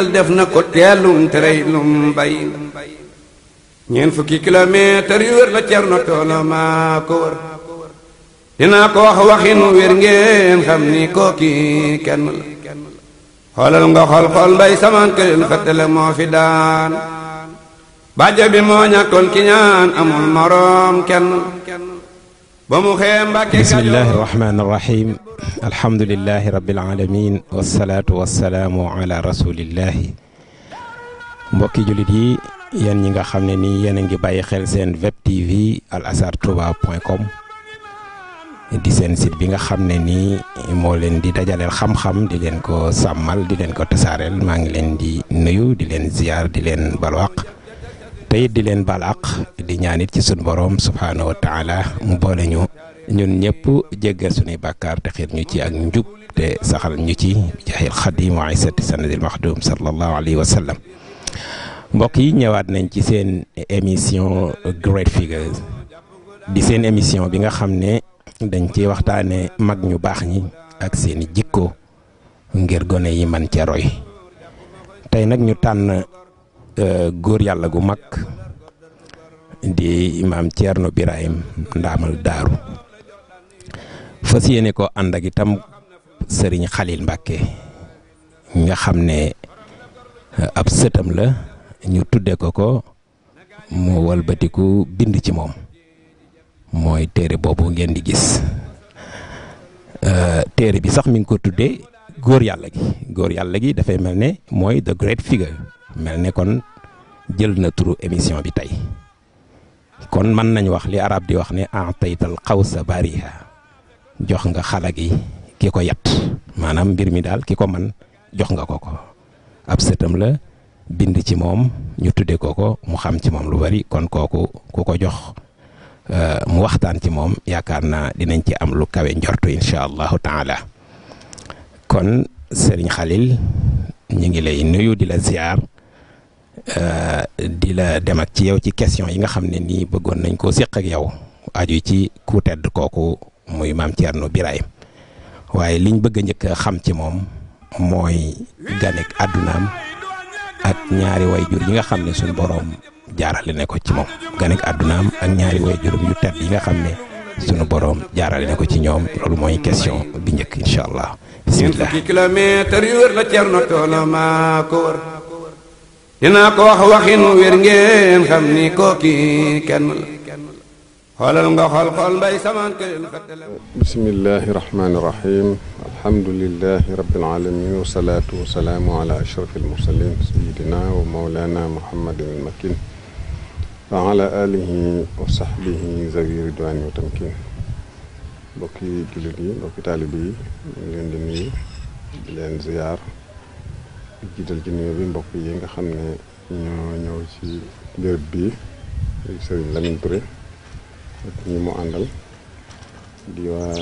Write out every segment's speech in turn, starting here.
diggal def na ko teelum terey lum bay ñeent fukki kilomètre yu wér la Cerno Toola maa ko wër ko wax waxinu wér ngeen xam ni kooki kenn la xoolal nga xool xool mbay samaan këleen fettale moo fi daan bàjjo bi moo ñàkkoon ki ñaan amul moroom kenn la ba mu xëyee Mbàkke bismillahi rahmaani rahim alhamdulilahi rabbil alamin wasalaatu wasalaamu ala rasulillahi mbokki jullit yi yéen ñi nga xam ne nii yéen a ngi bàyyi xel seen vet tv al azhar touba point di seen site bi nga xam ne nii moo leen di dajaleel xam-xam di leen ko sàmmal di leen ko tasaareel maa ngi leen di nuyu di leen ziyaar di leen balwaq tey di leen baal di ñaanit ci sunu borom subhaanahu wa taala mu boole ñu ñun ñëpp jéggal sunuy bàkkaar te xiir ñu ci ak njub te saxal ñu ci jaahil xadim wa isati sanadil maxdum sallallahu alayhi wa sallam mbokk yi ñëwaat nañ ci seen émission Great Figures di seen émission bi nga xam ne dañ ciy waxtaane mag ñu baax ñi ak seeni jikko ngir gone yi man ca roy tey nag ñu tànn góor yàlla gu mag di imaam Thierno Birahim Ndaamal Daaru fas yéene ko àndak itam sëriñ Xalil Mbàkke nga xam ne ab sëtam la ñu tudde ko ko mu walbatiku bind ci moom mooy téere boobu ngeen di gis euh, téere bi sax mi ngi ko tuddee góor yàlla gi góor yàlla gi dafay mel ne mooy the great figure mel ne kon jël na turu émission bi tey kon mën nañ wax li arab di wax ne ataytal xawsa bariha jox nga xala gi ki ko yat maanaam mbir mi daal ki ko man jox nga ko ko ab sëtam la bind ci moom ñu tudde ko ko mu xam ci moom lu bari kon kooku ku ko jox euh, mu waxtaan ci moom yaakaar naa dinañ ci am lu kawe njortu incha allahu taala kon Serigne Khalil ñu ngi lay nuyu di la ziar Euh, di la dem ak ci yow ci question yi nga xam ne nii bëggoon nañ koo séq ak yow aju ci ku tedd kooku muy maam Thierno Birahim waaye liñ bëgg a njëkk a xam ci moom mooy ganek àddunaam ak ñaari way jur yi nga xam ne suñ boroom jaarale ne ci moom ganek àddunaam ak ñaari way jurum yu tedd yi nga xam ne sunu boroom jaarale ne ko ci ñoom loolu mooy question bi njëkk incha allah bismillah kilomètre yu dinaa ko wax waxin wér ngeen xam ni kooki kenn la xoolal nga xool xool mbay samaan këleen fattale bismillahi rahmaani rahim alhamdulilahi rabbil alamin wasalaatu wasalaamu ala ashraf almursalin sayidina wa maulana muhammadin almakin wa ala alihi wa sahbihi zawi ridwani wa tamkin mbokki jullit yi mbokki taalibe yi ñu leen di nuyu di leen ziyaar jiital ci nuyoo bi mbokk yi nga xam ne ñoo ñëw ci béréb bii Serigne Lamine Touré ak ñi mu àndal di waa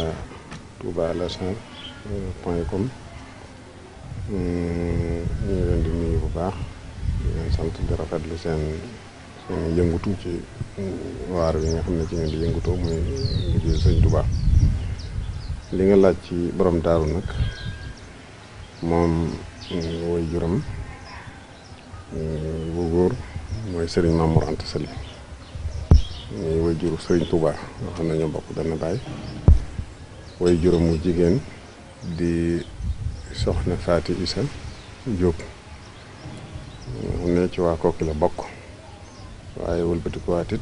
Touba Lassar euh, point com ñu leen di nuyu bu baax di rafetlu seen seen yëngutu ci waar wi nga xam ne ci ngeen di yëngutoo muy liggéey Sëriñ Touba li nga laaj ci borom daaru nag moom woy juróom e, bu góor mooy sëriñ Mamour Anta Sali mooy e, woy sëriñ Touba nga xam ne ñoo bokk benn baay woy juróom mu jigéen di soxna Faati Isa Diop mu ne ci waa Kokki la bokk waaye wëlbatikuwaat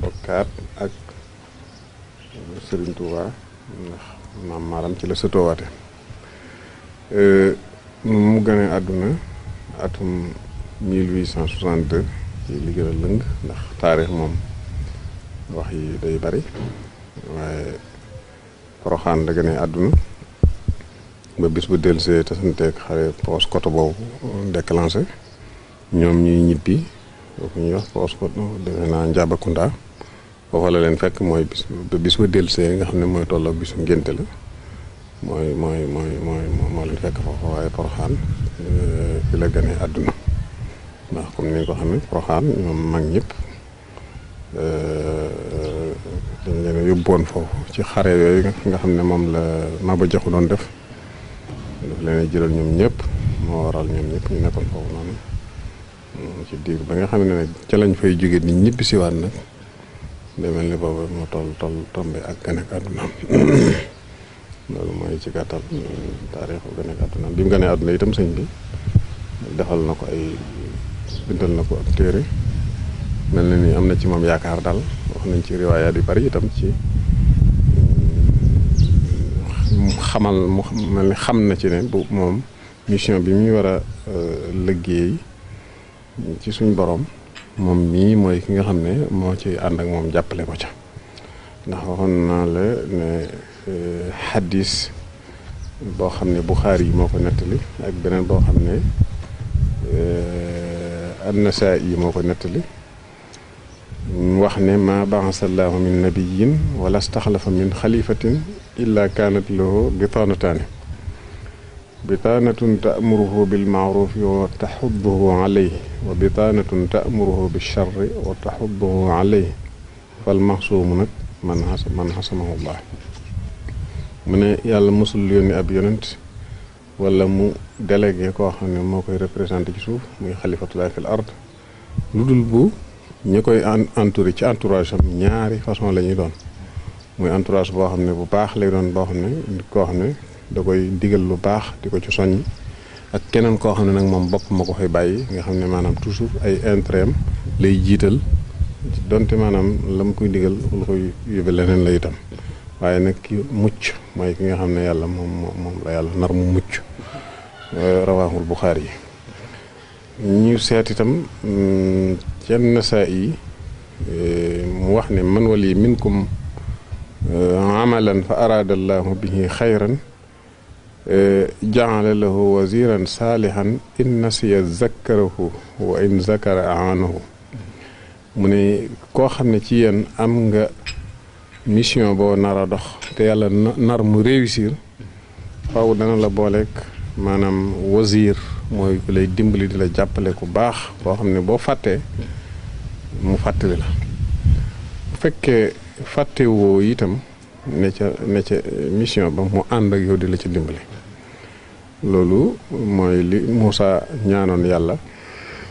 bokkaat ak sëriñ Touba ndax maam maaram ci la sëtoowaate e, mu gane àdduna atum 1862 ci li gën a lëng ndax taarix moom wax yi day bari waaye poroxaan la àdduna ba bis bu delsee tasanteeg xare poos koto boobu déclenché ñoom ñuy ñibbi kooku ñuy wax poos koto defe naa Njabakunda foofa la leen fekk mooy bis ba bis ba delsee nga xam ne mooy tolloo bisum ngénte la mooy mooy mooy mooy moo leen fekk foofu waaye Porokhane fi euh, la gane àdduna ndax comme ni nga ko xamee Porokhane ñoom mag ñëpp euh, dañ leen a yóbboon foofu ci xare yooyu nga xam ne moom la Maba Jaxu doon def daf leen a jëlal ñoom ñëpp moo waral ñoom ñëpp ñu nekkoon foofu noonu mm, ci diir ba nga xam ne nag ca lañ fay jóge ni ñibbi siwaat nag demel ni boobu moo toll toll tombe ak gane àdduna loolu mooy ci gàttal euh, taarixu gane àdduna bi mu a àdduna itam sëñ bi defal na ko ay bindal na ko ak téere mel na ni am na ci moom yaakaar daal wax nañ ci riwaayaat yu bari itam ci euh, xamal mu ni xam na ci ne bu moom mission bi muy war a euh, liggéey ci suñ borom moom mii mooy ki nga xam ne moo ci ànd ak moom jàppale ko ca ndax waxoon naa la Euh, xaddis boo xam ne Buxaari yi moo ko nettali ak beneen boo xam ne euh, Annasaa'i yi moo ko nettali wax ne ma ba'asallaahu min nabiyyin wala staxlafa min xalifatin illa kaanat lahu bitaanataani bitaanatun ta'muruhu bil ma'rufi wa taxudduhu alayhi wa bitaanatun ta'muruhu bi sharri wa taxudduhu alayhi fal maxsuumu nag man xasamahu llaah mu ne yàlla mosul yónni ab yonent wala mu délégué koo xam ne moo koy représenté ci suuf muy xalifa xalifatulaay fil ard lu dul bu ñu koy entouré ci entourage am ñaari façon la ñuy doon muy entourage boo xam ne bu baax lay doon boo xam ne koo xam ne da koy digal lu baax di ko ci soññ ak keneen koo xam ne nag moom bopp ko fay bàyyi nga xam ne maanaam toujours ay intérêt am lay jiital donte maanaam la mu koy digal lu koy yóbbe leneen la itam waaye nag ki mucc mooy ki nga xam ne yàlla moom moom la yàlla nar mu mucc euh, rawaahul Buxaari yi ñu seet itam mm, yenn saa yi euh, mu wax ne man wali minkum euh, amalan fa araada bi bihi xayran jaala lahu waziran saalihan in nasiya zakkarahu wa in zakara aanahu mu ne koo xam ne ci yéen am nga mission boo nara dox te yàlla nar mu réussir faw dana la booleeg maanaam wasir mooy ku lay dimbali di la jàppale ku baax boo xam ne boo fàttee mu fàttali la bu fekkee fàtte woo itam ne ca ne mission ba mu ànd ak yow di la ca dimbali loolu mooy li Moussa ñaanoon yàlla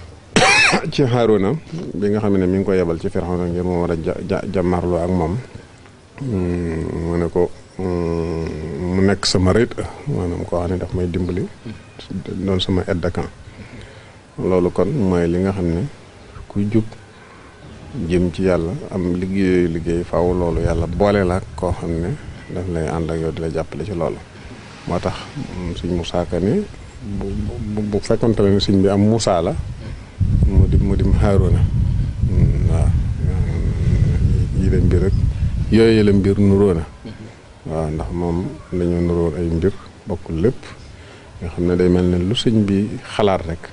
ci Haaruna bi nga xam ne mi ngi ko yebal ci Firawna ngir mu war a ja ja jàmmarloo ak moom mu mm, ne ko mm, mu nekk sama rëyt maanaam koo xam ne daf may dimbali doon sama aide de camp loolu kon mooy li nga xam ne ku jub jëm ci yàlla am liggéey liggéey faw loolu yàlla boole laa koo xam ne daf lay ànd ak yow di la jàppale ci loolu moo tax mm, sëñ Moussa Ka ne bu bu fekkoon tamit sëñ bi am Moussa la mu di mu dim Haaruna waaw bi rek yooyu la mbir nuroo na waaw ndax moom dañoo nuroo ay mbir bokkul lépp nga xam ne day mel ne lu sëñ bi xalaat rek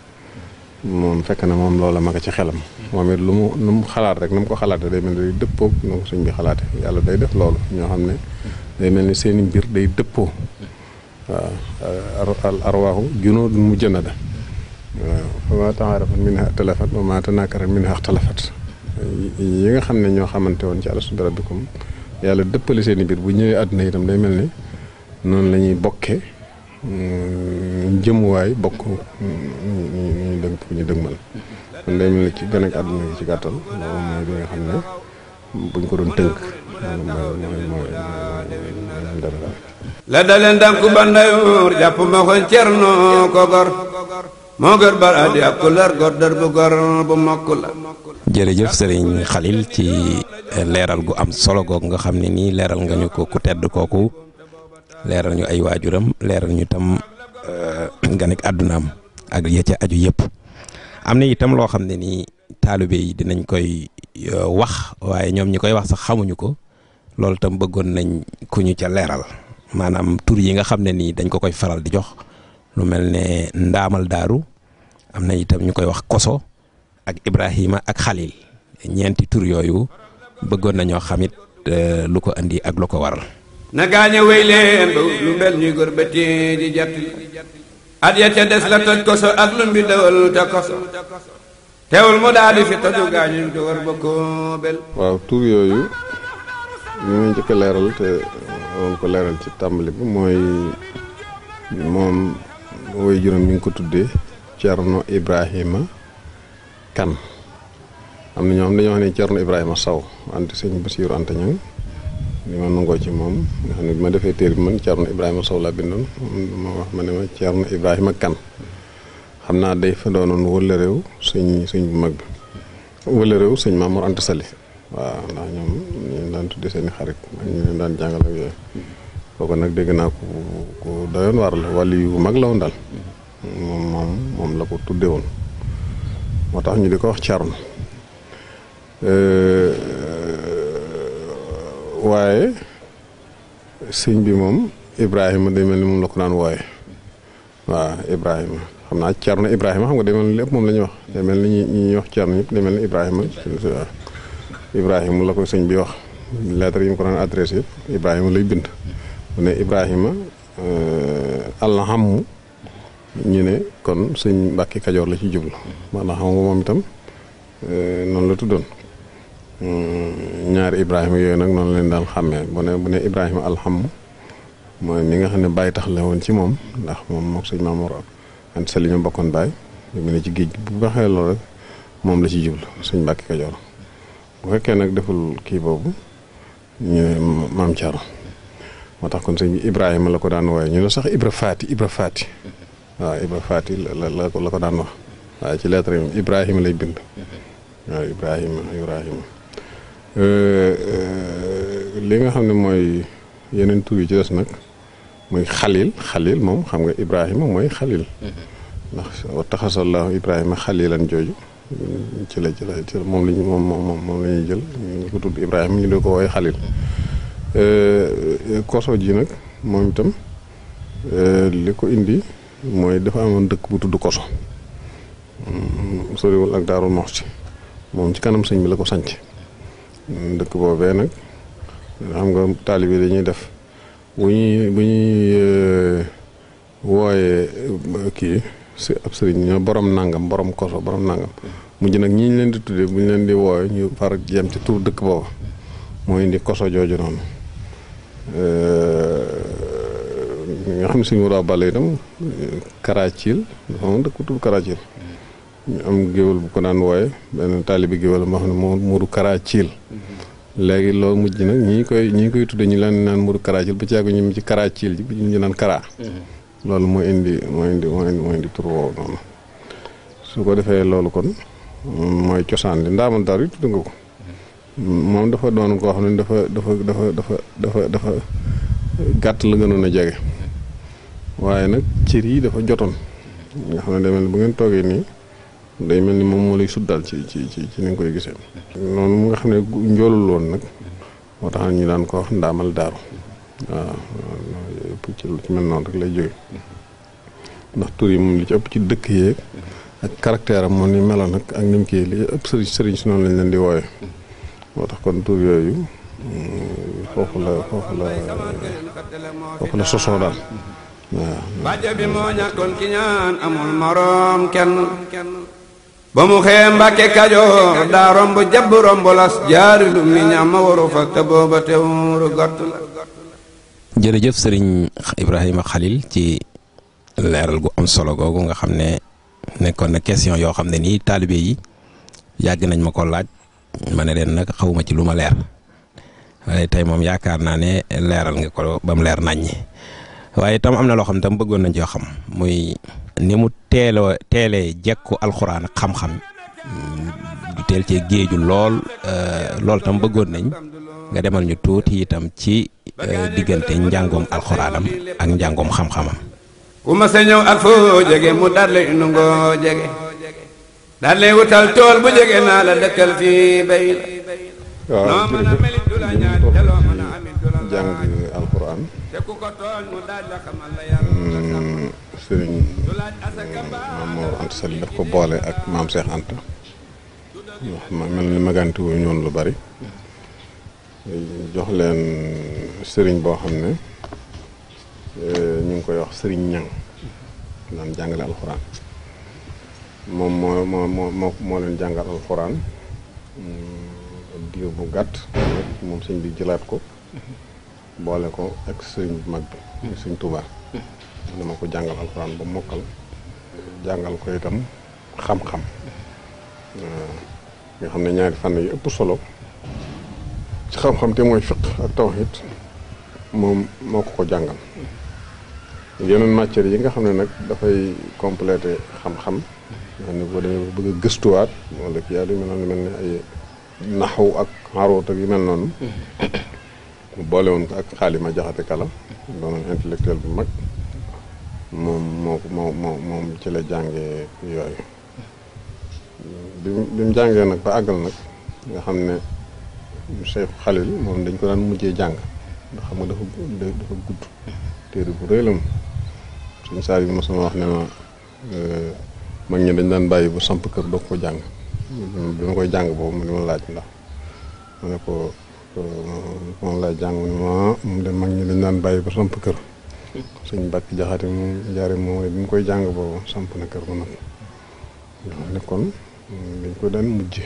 moom fekk na moom loola ma nga ci xelam moom it lu mu nu mu xalaat rek nu ko xalaat day mel ne day dëppoog bi xalaate yàlla day def loolu ñoo xam ne day mel ni seeni mbir day dëppoo waaw al arwaaxu junoodun mu jënada waaw fa ma taarafat minha talafat wa ma tanakara minha talafat yi nga xam ne ñoo xamante woon ci alastu bi rabbikum yàlla dëppale seen i biir bu ñëwee àdduna itam day mel ni noonu lañuy ñuy bokkee jëmuwaay bokk ñu dëgg ñu dëgmal kon day mel ni ci benn àdduna gi ci gàttal xam ne buñ ko doon tënk jàpp ma ko cerno ko gor moo gër bar adi ak jërëjëf sëriñ Khalil ci leeral gu am solo googu nga xam ne nii leeral nga ñu ko ku tedd kooku leeral ñu ay waajuram leeral ñu tam nga euh, nekk àddunaam ak ya ca aju yëpp am na itam loo xam ne nii taalibe yi dinañ koy euh, wax waaye ñoom ñi koy wax sax xamuñu ko loolu tam bëggoon nañ ku ñu ca leeral maanaam tur yi nga xam ne nii dañ ko koy faral di jox lu mel ne Ndaamal Daaru am na itam ñu koy wax Koso ak Ibrahima ak Xalil ñeenti tur yooyu bëggoon nañoo xamit euh, lu ko indi ak lu ko waral. na gaañe wéy leen ba lu mbel ñuy górbati di jàpp at ya ca des la toj koso ak lu mbi dawal te koso teewul mu daal fi toju gaañu ko war ba ko bel waaw tur yooyu ñu ngi njëkk leeral te woon ko leeral ci tàmbali bi mooy moom woy juróom mi ngi ko tuddee Cerno Ibrahima Kan am na ñoo xam dañoo xam ne Cerno Ibrahima Saw ante sëñ Basiiru ante ñoom li ma nangoo ci moom nga xam ne bi ma defee téer bi man Cerno Ibrahima Saw laa bindoon ma wax ma ne ma Cerno Ibrahima Kan xam naa day fa doonoon wëla réew sëñ sëñ bu mag bi wëla réew sëñ Maamoor Anta Sali waaw ndax ñoom ñu daan tuddee seeni xarit ak ñu leen daan jàngal ak yooyu kooku nag dégg naa ku ku waar la wàllu yu mag la woon daal moom la ko tudde woon moo tax ñu di ko wax Thierno euh, waaye sëñ bi moom Ibrahima de mel ni moom la ko daan wooye waaw Ibrahima xam naa Thierno Ibrahima xam nga day mel ni lépp moom la ñuy wax day mel ni ñi ñuy wax Thierno ñëpp mel ni Ibrahima Ibrahima la ko sëñ bi wax lettre yi mu ko daan adressé yëpp Ibrahima lay bind mu ne Ibrahima euh, alhammu ñu ne kon sëñ Mbàkke Kajoor la ci jublu maanaam xam nga moom itam euh, noonu la tuddoon hmm, ñaari Ibrahima yooyu nag noonu leen daal xàmmee bu ne bu ne Ibrahima alhammu mooy mi nga xam ne bàyyi tax la woon ci moom ndax moom mook sëñ Mamoor Anta Sali ñoo bokkoon bàyyi mu ne ci géej bu baxee loolu rek moom la ci jublu suñ Mbàkke Kajoor bu fekkee nag deful kii boobu ñu ne maam Thiaro moo tax kon sëñ Ibrahima la ko daan wooye ñu la sax Ibra Faati Ibra Faati waaw Ibra la ko daan wax waaye ci lettre yi Ibrahima lay bind waaw Ibrahima Ibrahima euh, euh, li nga xam ne mooy yeneen tur yi ci des nag muy xalil xalil moom xam nga Ibrahima mooy xalil ndax wa taxasallahu Ibrahima xalilan jooju ci la ci la moom lañ moom moom moom la ñu ko tudd Ibrahima ñu di ko wooye xalil Euh, euh, koso ji nag moom itam euh, li ko indi mooy dafa amoon dëkk bu tudd koso mm, soriwul ak daaru nox ci moom ci kanam sëñ bi la ko sanc mm, dëkk boobee nag xam nga taalibe dañuy def bu ñuy bu ñuy wooyee kii si ab sëriñ ñoo borom nangam borom koso borom nangam mujj nag ñi ñu leen di tuddee bu ñu leen di wooyee ñu far jeem ci tur dëkk booba moo indi koso jooju noonu Euh, nga xam ne suñu mën a bàlle itam Karaacil dafa amoon dëkk bu tudd Karaacil ñu am géwél bu ko daan wooye benn taalibe géwél moo xam ne moo karaa Karaacil léegi loolu mujj nag ñi koy ñi koy tudde ñu leen naan Moodu Karaacil ba ci yàgg ñu ci Karaacil ji ñu naan Kara loolu moo indi moo indi moo indi moo indi tur noonu su ko defee loolu kon mooy cosaan li ndaamal dara yi tudd nga ko moom dafa doon koo xam ne dafa dafa dafa dafa dafa dafa gàtt la gënoon a jege waaye nag cër yi dafa jotoon nga xam ne day mel ni bu ngeen toogee nii day mel ni moom moo lay suddaal ci ci ci ci ni koy gisee. noonu mu nga xam ne njoolul woon nag moo tax ñu daan ko wax ndaamal daaru waaw ci lu ci mel noonu rek lay jóge ndax tur yi moom li ci ëpp ci dëkk yeeg ak caractère am moom ni meloo nag ak ni mu kii li ëpp sëriñ sëriñ noonu lañ leen di wooyee. moo tax kon tur yooyu foofu la foofu la sosoo daal waaw bi moo ñàkkoon ki ñaan amul moroom kenn ba mu xee mbàkke kajoor daa romb jabb romb las jaari mi ñam ma waru fa te booba gott la jërëjëf sëriñ Ibrahima Khalil ci leeral gu am solo googu nga xam ne nekkoon na question yoo xam ne nii taalibe yi yàgg nañ ma ko laaj ma ne leen nag xawma ci lu ma leer waaye tey moom yaakaar naa ne leeral nga ko ba mu leer naññi waaye tam am na loo xam tam bëggoon nañ coo xam muy ni mu teeloo teelee jekku alxuraan ak xam-xam du teel cee géeju lool euh, lool tam bëggoon nañ nga demal ñu tuuti itam ci euh, diggante njàngoom alxuraanam ak njàngoom xam-xamam. ku ma sa ñëw ak foo jege mu dar la nu jege. daan lay wutal tool bu jege naa la dëkkal fii bay la. waaw jërëjëf mm, sëriñ maam Mor Anta Sali daf ko boole ak maam Cheikh Anta. wax ma lu bari. jox leen sëriñ boo xam ne eh, ñu ngi koy wax sëriñ ñang daan jàngale alquran. moom moo moo moo moo leen jàngal alxuraan mm, diir bu gàtt moom sëñ bi jëlaat ko boole ko ak sëñ mag bi sëñ Tuubaa dama ko jàngal alxuraan ba mokkal jàngal ko itam xam-xam nga xam ne ñaari fànn yu ëpp solo ci xam-xam te mooy fiq ak tawhid moom moo ko ko jàngal yeneen matières yi nga xam ne nag dafay complété xam-xam nga xam ne boo demee ba bëgg mel noonu mel ne ay mel noonu. mu boole woon ko ak xaalima jaxate bu mag. moom la jàngee jàngee nag ba àggal nag nga xam ne Cheikh Khalil dañ ko daan mujjee jàng ndax xam nga dafa dafa gudd. téere bu rëy la moom suñu saa yi mosuma wax ne ma. Euh, mag ñi dañ daan bàyyi bu samp kër doog ko jàng bi ma koy jàng boobu laaj ndax ma ne ko euh, ma jàng ah, mag ñi dañ daan bàyyi ba samp kër suñ bàkk jaxate moom jaare moom mu koy jàng samp na kër ba nag kon dañ ko daan mujje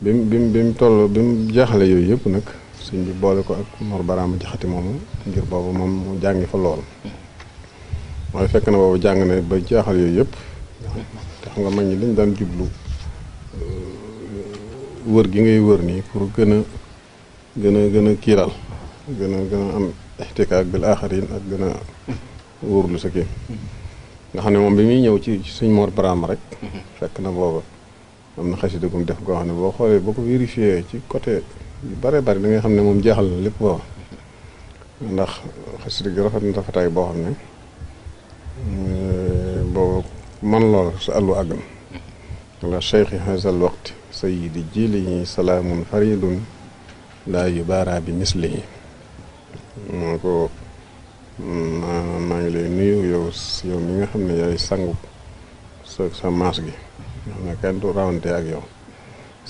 bi mu bi yëpp nag sëñ bi boole ko ak Mor Baraama Jaxate moomu ngir boobu moom mu jàngi fa lool waaye fekk na boobu jàng na ba jaaxal yooyu yëpp te xam nga mag ñi dañ daan jublu euh, wër gi ngay wër nii pour gën a gën a gën a kiiral gën a gën a am ixtikaak bil aaxarin ak gën a wóorlu sa kii nga xam ne moom bi muy ñëw ci suñ Mor Baraam rek fekk na booba am na xasida gum def goo xam ne boo xoolee boo ko vérifié ci côté yu bare bari da nga xam ne moom jeexal na lépp booba ndax xasida gi rafet na rafetaay boo xam ne euh, booba man loola sa àllu àgg na la cheikhi hazal waqti sayidi jilihi salaamun faridun laa yu baara bi mislihi moo ko maa ngi lay nuyu yow yow mi nga xam ne yaay sangu sa sa maas gi nga ne kenn du rawante ak yow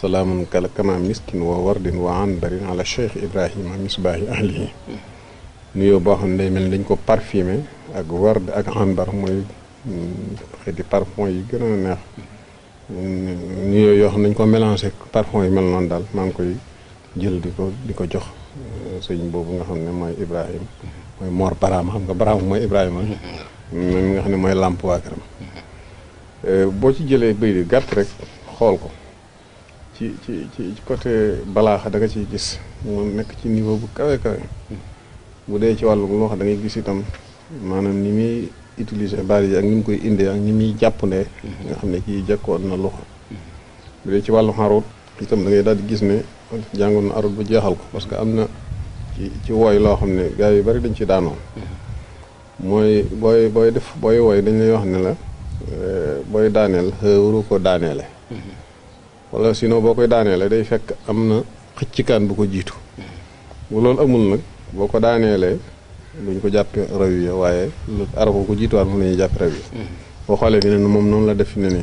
salaamun kala kama miskin wa wardin wa anbarin ala cheikh ibrahima misbaahi ahlihi nuyoo boo xam ne day mel dañ ko parfumé ak ward ak anbar mooy xeeti hmm, parfum yi gën a neex hmm, ni yooyu yoo xam ne nañ ko mélangé parfum yi mel noonu daal maa ngi koy jël di ko di ko jox euh, sëñ boobu nga xam ne mooy Ibrahima mooy Mor Baraama xam nga Baraama mooy Ibrahima mm-hmm. moom mi nga xam ne mooy làmp waa këram euh, boo ci jëlee bëy di gàtt rek xool ko ci ci ci côté balaaxa danga nga ciy gis mu nekk ci niveau bu kawe kawe mm-hmm. bu dee ci wàllu loo dangay da gis itam maanaam ni muy utiliser baat yi ak ni mu koy indee ak ni muy jàpp ne mhm. nga xam ne kii jekkoon na loxo bu dee ci wàllu xarut itam da ngay daal di gis ne jàngoon na arut ba jeexal ko parce que am na ci ci wooy loo xam ne gars yu bari dañ ci daanoon mhm. mooy booy booy def booy wooy dañ lay wax ne la eh, booy daaneel waru ko daaneele mhm. wala sinon boo koy daaneele day fekk am na xëccikaan bu ko jiitu bu loolu amul nag boo ko daaneele duñ ko jàppe raw yi waaye arabo ko jiituwaat moom la ñuy jàppe raw yi boo xoolee fi ne moom noonu la def ne ni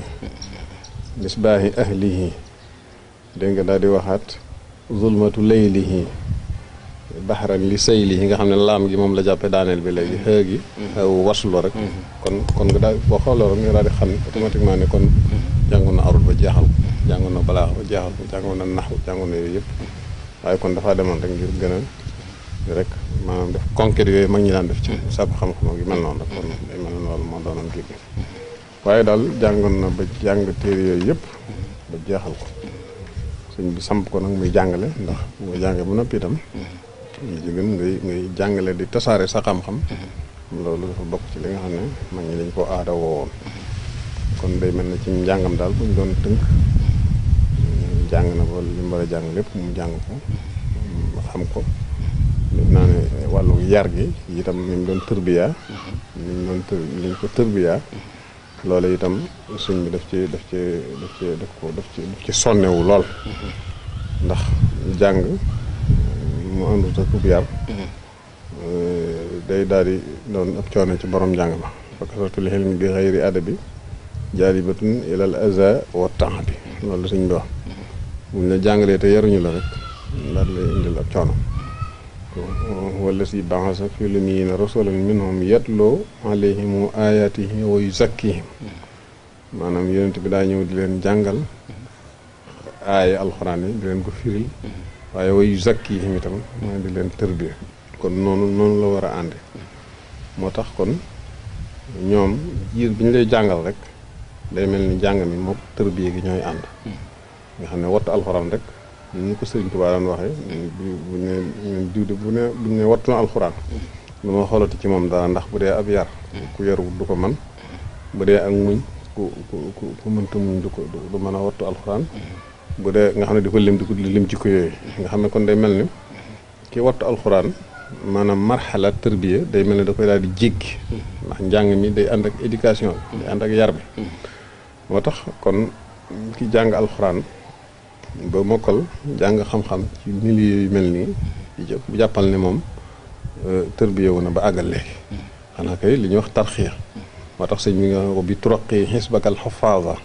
misbaahi ahlihi dégg nga daal di waxaat zulmatu laylihi baxaran li saylihi nga xam ne laam gi moom la jàppe daaneel bi léegi xëy gi xaw waslu rek kon kon nga daal boo xooloo rek nga daal di xam ne automatiquement ne kon jàngoon na arut ba jeexal ko jàngoon na balaax ba jeexal ko jàngoon na nax jàngoon na yooyu yëpp waaye kon dafaa demoon rek ngir gën a rek maanaam def conquête yooyu mag ñi daan def ci sàpp xam-xam yu mel noonu rek kon day mel noonu moo doonoon waaye daal jàngoon na ba jàng téere yooyu yëpp jeexal ko sëñ bi samp ko nag muy jàngale ndax boo jàngee bu noppi itam li ci jàngale di tasaare sa xam-xam loolu dafa bokk ci li nga xam ne mag ñi dañ koo aada woowoon kon day mel ne ci njàngam daal bu ñu doon tënk jàng na ko li mu war a jàng lépp mu jàng ko xam ko naa ne wàllu yar gi itam ni mu doon tërbiyaa ni doon tër ni ko tërbiyaa loolu itam suñ bi daf ci def ci daf ci ko daf ci daf ci sonnewu lool ndax jàng mu àndut ak yar mm-hmm. day daal di doon ab coono ci borom jàng ba fa kasratul xilmi bi xayri adabi jaalibatun ilal aza wa temps bi loolu suñ bi wax mm-hmm. buñ la jàngalee te yaruñu la rek daal lay indil ab coono wala si baxasa fi lu mu yéene rasulan minhum yatloo alayhim ayatihi wa yuzakkihim maanaam yonent bi daa ñëw di leen jàngal aaya alxuraan yi di leen ko firil waaye wa yuzakkihim itam mooy di leen tërbiya kon noonu noonu la war a ànde moo tax kon ñoom jiir bi ñu lay jàngal rek day mel ni jàng mi moom tërbiya gi ñooy ànd nga xam ne wattu alxuraan rek ni ko sëriñ Tuubaa daan waxee bu ne bu ne bu ne wattu na alxuraan lu ma ci moom dara ndax bu dee ab yar ku yarul du ko man bu dee ak muñ ku ku ku mënta muñ du ko du mën a wattu alxuraan bu dee nga xam ne di ko lim di ko lim ci ko yooyu nga xam ne kon day mel ni ki wattu alxuraan maanaam marxala tërbiya day mel ni da koy daal di jéggi ndax njàng mi day ànd ak éducation bi ànd ak yar bi moo tax kon ki jàng alxuraan ba mokkal jàng xam-xam ci milieu yu mel nii bu jàppal ne moom euh, tërbiye wu na ba àggal léegi xanaa kay li ñuy wax tarxiya moo tax sëñ bi nga ko bi turaqi xisbakal xofaaza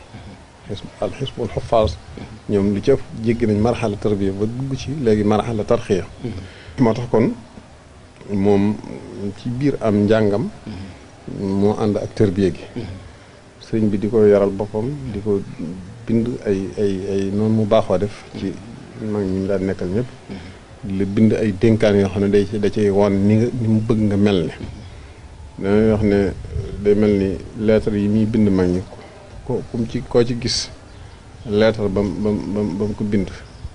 al xisbul xofaaz ñoom lu ci ëpp nañ marxala tërbiya ba dugg ci léegi marxala tarxiya moo tax kon moom ci biir am njàngam moo ànd ak tërbiye gi sëñ bi di ko yaral boppam di ko bind ay ay ay noonu mu baaxoo def ci mag ñi mu daan nekkal ñépp la mhm. bind ay dénkaan yoo xam ne day da cay woon ni mu bëgg nga mel ni dana wax ne day mel ni lettre yi muy bind mag ñi ko kum ci koo ci gis lettre ba mu ba mu ba mu ko bind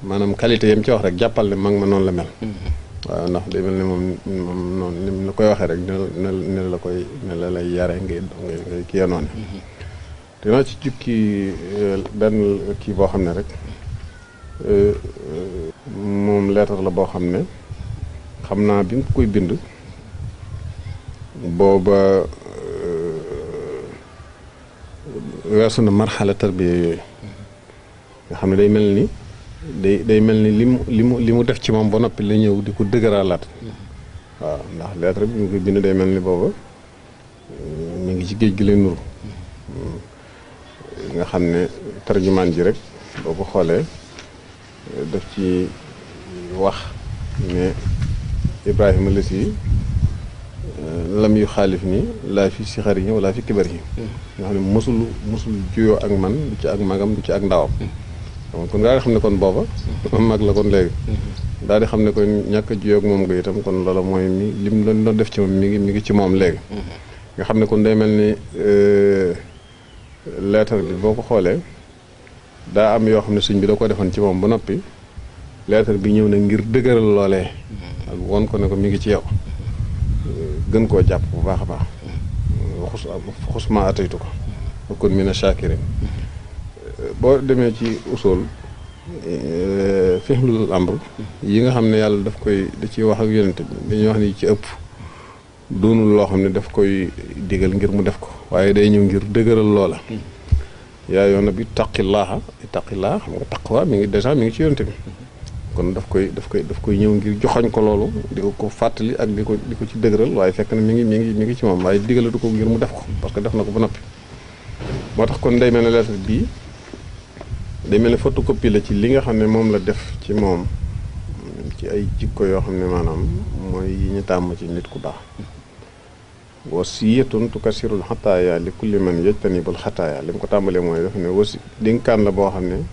maanaam qualité yam ci wax rek jàppal ne mag ma noonu la mel mhm. waaw ndax day mel ne moom moom noonu ni mu la koy waxee rek ne la koy ne la lay yare ngay ngay kii noonu mhm. dinaa ci jukki euh, benn kii boo xam ne rek euh, euh, moom leetar la boo xam ne xam naa bi koy bind booba weesu na marxala tarbiya yooyu nga xam ne day mel ni day day mel ni li mu li mu li mu def ci moom ba noppi la ñëw di ko dëgëraalaat waaw ndax leetar bi mu koy bind day mel ni booba mu ngi ci géej gi lay nuru nga xam ne tarjumaan ji rek boo ko xoolee def ci wax ne Ibrahima la si lam yu xaalif ni laa fi si xari ñi wala fi kibar yi nga xam ne mosul mosul ak man du ci ak magam du ci ak ndawam kon daal di xam ne kon booba mag la kon léegi daal di xam ne kon ñàkk a ak moom nga itam kon loola mooy mi lim doon def ci moom mi ngi mi ngi ci moom léegi nga xam ne kon day mel ni euh, leetar bi boo ko xoolee daa am yoo xam ne sëñ bi da ko defoon ci moom ba noppi leetar bi ñëw na ngir dëgëral loolee ak won ko ne ko mi ngi ci yow gën koo jàpp bu baax a baax xus xusma ataytu ko kon mina shakirin boo demee ci usul eh, fixlul amr yi nga xam ne yàlla daf koy da ciy wax ak yonente bi dañuy wax ni ci ëpp doonul loo xam ne daf koy digal ngir mu def ko waaye day ñëw ngir dëgëral loola yaa yoona bi taqillaaha taqillaaha xam nga taqwa mu ngi dèjà mi ngi ci yonte bi kon daf koy daf koy daf koy ñëw ngir joxoñ ko loolu di ko fàttali ak di ko di ko ci dëgëral waaye fekk na mi ngi mi ngi mi ngi ci moom waaye digalatu ko ngir mu def ko parce que def na ko ba noppi moo tax kon day mel ne lettre bii day mel ne photocopie la ci li nga xam ne moom la def ci moom ci ay jikko yoo xam ne maanaam mooy ñu tàmm ci nit ku baax wasiyatun tukasirul xataaya li kulli man yajtanibul xataaya li mu ko tàmbalee mooy daf ne wasi dénkaan la boo xam ne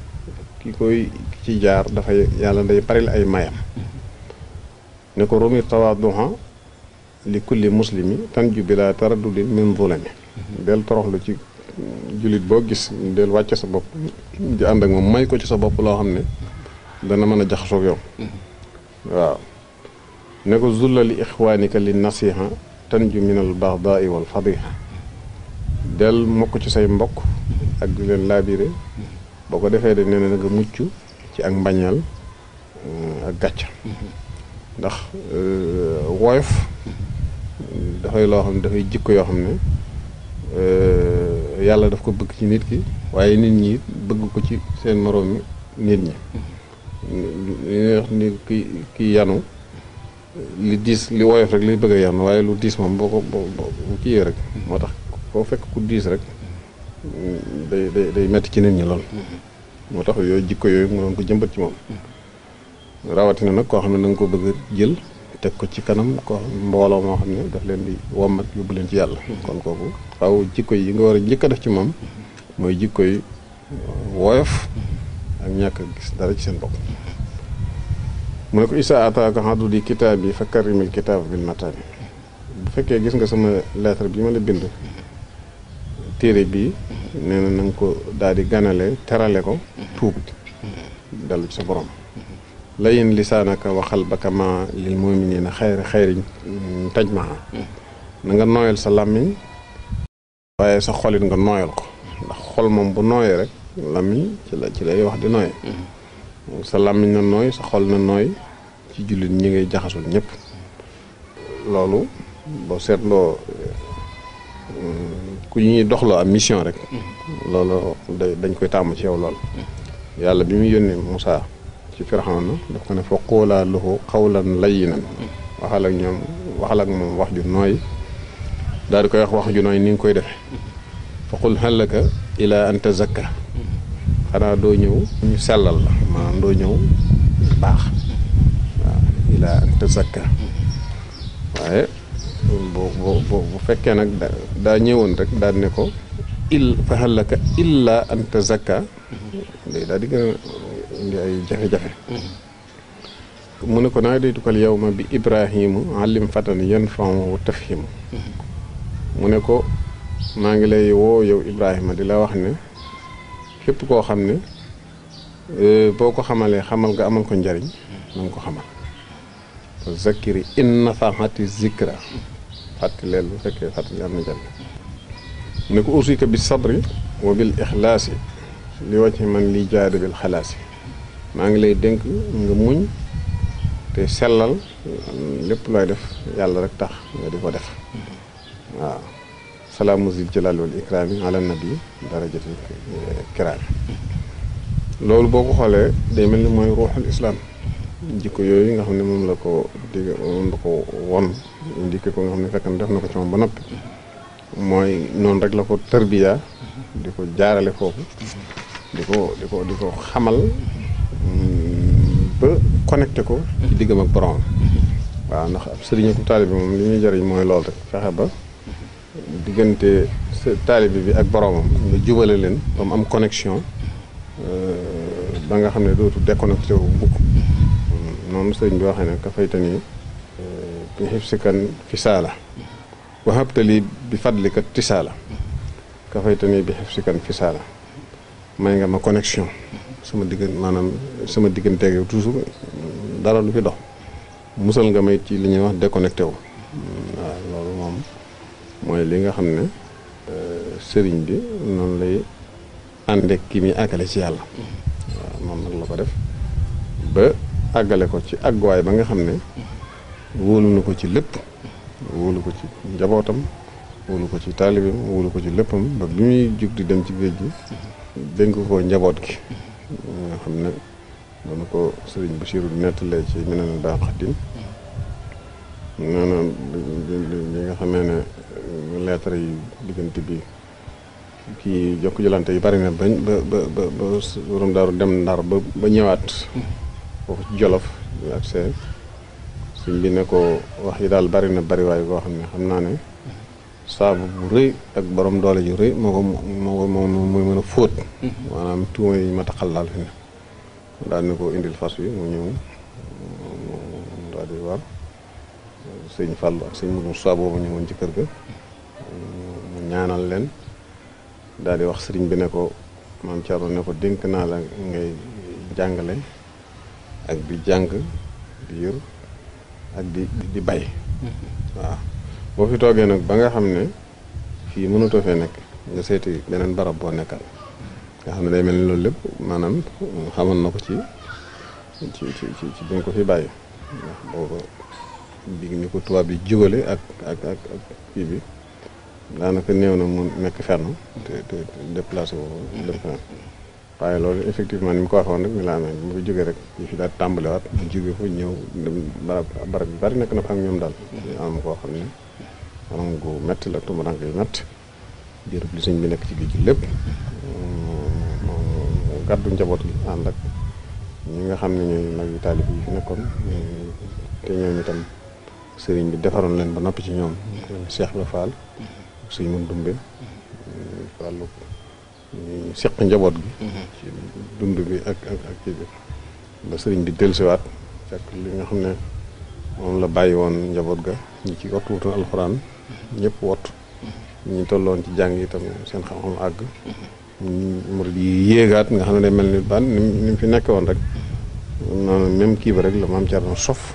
ki koy ci jaar dafay yàlla day paril ay mayam ne ko rumi tawaaduha li kulli muslimi tanju bila taraddudin min zulami del toroxlu ci jullit boo gis del wàcce sa bopp di ànd moom may ko ci sa bopp loo xam ne dana mën a jaxasoog yow mm-hmm. waaw ne ko zulla li ixwaanika li nasiha tanju minal baxdaai wal fadiha del ko ci say mbokk ak di leen laabire boo ko defee de nee na mucc ci ak mbañeel euh, ak gàcca ndax euh, woyof dafay loo xam ne dafay jikko yoo xam ne euh, yàlla daf ko bëgg ci nit ki waaye nit ñi bëgg ko ci seen moroom nit ñi li ñuy wax ni ki yanu li diis li woyof rek li bëgg a yem waaye lu diis moom boo ko boo boo kii rek moo tax koo fekk ku diis rek day day day metti ci nit ñi lool. moo tax yooyu jikko yooyu mu doon ko jëmbat ci moom. rawatina nag koo xam ne na ko bëgg jël teg ko ci kanam koo mbooloo moo xam ne daf leen di wommat yóbbu leen ci yàlla. kon kooku xaw jikko yi nga war a njëkk a def ci moom mooy jikko yi woyof ak ñàkk gis dara ci seen bopp. mu ne ko isa ataaka haduli kitaab yi fa karimil kitaab bil mataani bu fekkee gis nga sama lettre bi ma la bind téere bi nee na ko daal di ganale terale ko tuub dellu sa borom layin lisaanaka waxal baka ma lil muminina xayri xayriñ taj ma na nga nooyal sa làmmiñ waaye sa xolit nga nooyal ko ndax xol moom bu nooyee rek làmmiñ ci la ci lay wax di nooye sa làmmiñ na nooy sa xol na nooy ci jullit ñi ngay jaxasul ñëpp loolu boo seetloo euh, ku ñuy doxloo am mission rek mm-hmm. loolu dañ koy tàmm ci yow lool yàlla bi mu yónnee Moussa ci Firawna daf ko ne fa qoola lahu qawlan layyinan mm-hmm. waxal ak ñoom waxal ak moom wax ju nooy daal di koy wax wax ju nooy ni nga koy defe mm-hmm. fa qul halaka ila an xanaa doo ñëw ñu sellal la maanaam doo ñëw baax ilaa te sakka waaye boo boo bu fekkee nag daa ñëwoon rek daal ne ko il fahalaka illa an tazakka day daal di gën a ay jafe-jafe mu ne ko naa daytukal yow ma bi ibrahimu alim fatan yan famu tafhimu mu ne ko maa ngi lay woo yow ibrahima di la wax ne lépp koo xam ne euh, boo ko xamalee xamal nga amal ko njariñ na nga ko xamal te zakkiri in nafaati zikra fàttaleel bu fekkee fàttali am ne ko usika bi sabri wa bil ixlaasi li wàcc man liy jaada bil xalaasi maa ngi lay dénk nga muñ te sellal lépp looy def yàlla rek tax nga di ko def waaw salaamu zil jalaali wal ikraami ala nabi darajati kiraam loolu boo ko xoolee day mel ni mooy ruuxul islaam jikko yooyu nga xam ne moom la ko dig moom la ko won indiqué ko nga xam ne fekk na def na ko ci moom ba noppi mooy noonu rek la ko tarbiya di ko jaarale foofu di ko di ko di ko xamal ba connecté ko ci diggam ak borom waaw ndax ab sëriñ ku taalibe moom li ñuy jariñ mooy lool rek fexe ba diggante taalibe bi ak boroomam nga jubale leen ba am connexion euh, ba nga xam ne dootu déconnecté wu bukk noonu sëriñ bi waxee ne ka faytani euh, bi xifsikan fisaala wahabtali bi fadlika tisaala ka faytani bi xifsikan fisaala may nga ma connexion sama diggante maanaam sama digganteeg yow toujours dara lu fi dox musal nga may ci li ñuy wax déconnecté mooy li nga xam ne euh, sëriñ bi noonu lay ànde kii mi àggale ci yàlla waaw moom nag la ko def ba àggale ko ci àgguwaay ba nga xam ne wóolu na ko ci lépp wóolu ko ci njabootam wóolu ko ci taalibeem wóolu ko ci léppam ba bi muy jug di dem ci géej gi dénk ko njaboot gi nga xam ne dana ko sëriñ bu Basiiru nettalee ci meneen baax din nee na li nga xamee ne lettre yi diggante bi kii jokk jëlante yi bari na ba ba ba ba borom daaru dem ndar ba ba ñëwaat foofu ci jolof ak see suñ bi ne ko wax yi daal bari na bariwaay koo xam ne xam naa ne saabu bu rëy ak boroom doole ju rëy moo ko moo ko moom mooy mën a fóot maanaam tuuma yi ma fas wi mu sëñ Fall ak sëñ Moussa boobu ñëwoon ci kër ga mu ñaanal leen daldi wax sëriñ bi ne ko maam Thierno ne ko dénk naa la ngay jàngale ak bi jàng di ak bi di bay waaw boo fi toogee nag ba nga xam ne fii mënatoo fee nekk nga seeti beneen barab boo nekkal nga xam ne day mel ni loolu lépp maanaam xamoon na ko ci ci ci ci bi nga ko fi bàyyi bi ni ko tubaab bi jugale ak ak ak ak kii bi daanaka néew na mu nekk fenn te te déplacé dem fenn waaye loolu effectivement ni mu ko waxoon rek mi la mu ko jógee rek ñu fi daal tàmbalewaat bari nekk na fa ak ñoom daal anam koo xam ne anam gu metti la tumurank yu metti jërëb li sëñ ci gi lépp gàddu njaboot gi ànd ak ñi nga xam ne ñooy mag yi taalib yi fi nekkoon te ñooñu tam sëriñ bi defaroon leen ba noppi ci ñoom Cheikh Ibra Fall suñ mën dumbe wàllu seq njaboot gi mhm. ci dund bi ak ak ak bi ba sëriñ bi dellusiwaat ak li nga xam ne moom la bàyyi woon njaboot ga ñu ci wattu wutoon alxuraan mhm. ñëpp wattu mhm. ñu tolloon ci jàng yi itam seen xam-xam àgg murid yi yéegaat nga xam ne day mel ni baan ni mu fi nekk woon rek noonu même kii ba rek la maam Cerno sof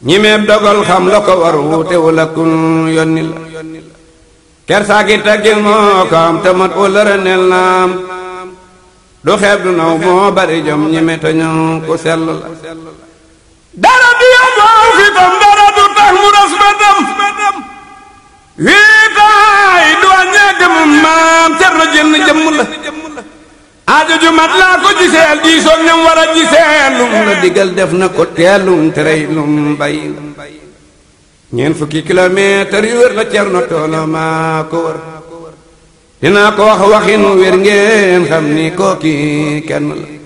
ñimeeb dogal xam la ko war wuute kun yónni la kersaaki taggil moo ko tamat wala rënel naam du xeeb du naw moo bari jom ñime te ku sell la dara du yóbboo fitam dara du tax mu ras bëtam wiitaay du wàññeek mum maam cer na jënn jëmm la aajo ju laa ko giseel diisoog ñam war a la digal def na ko teelum terey lum bay ñeent fukki kilomètre yu wér la Cerno Toolo maa ko wër dinaa ko wax waxin wér ngeen xam ni kooki kenn la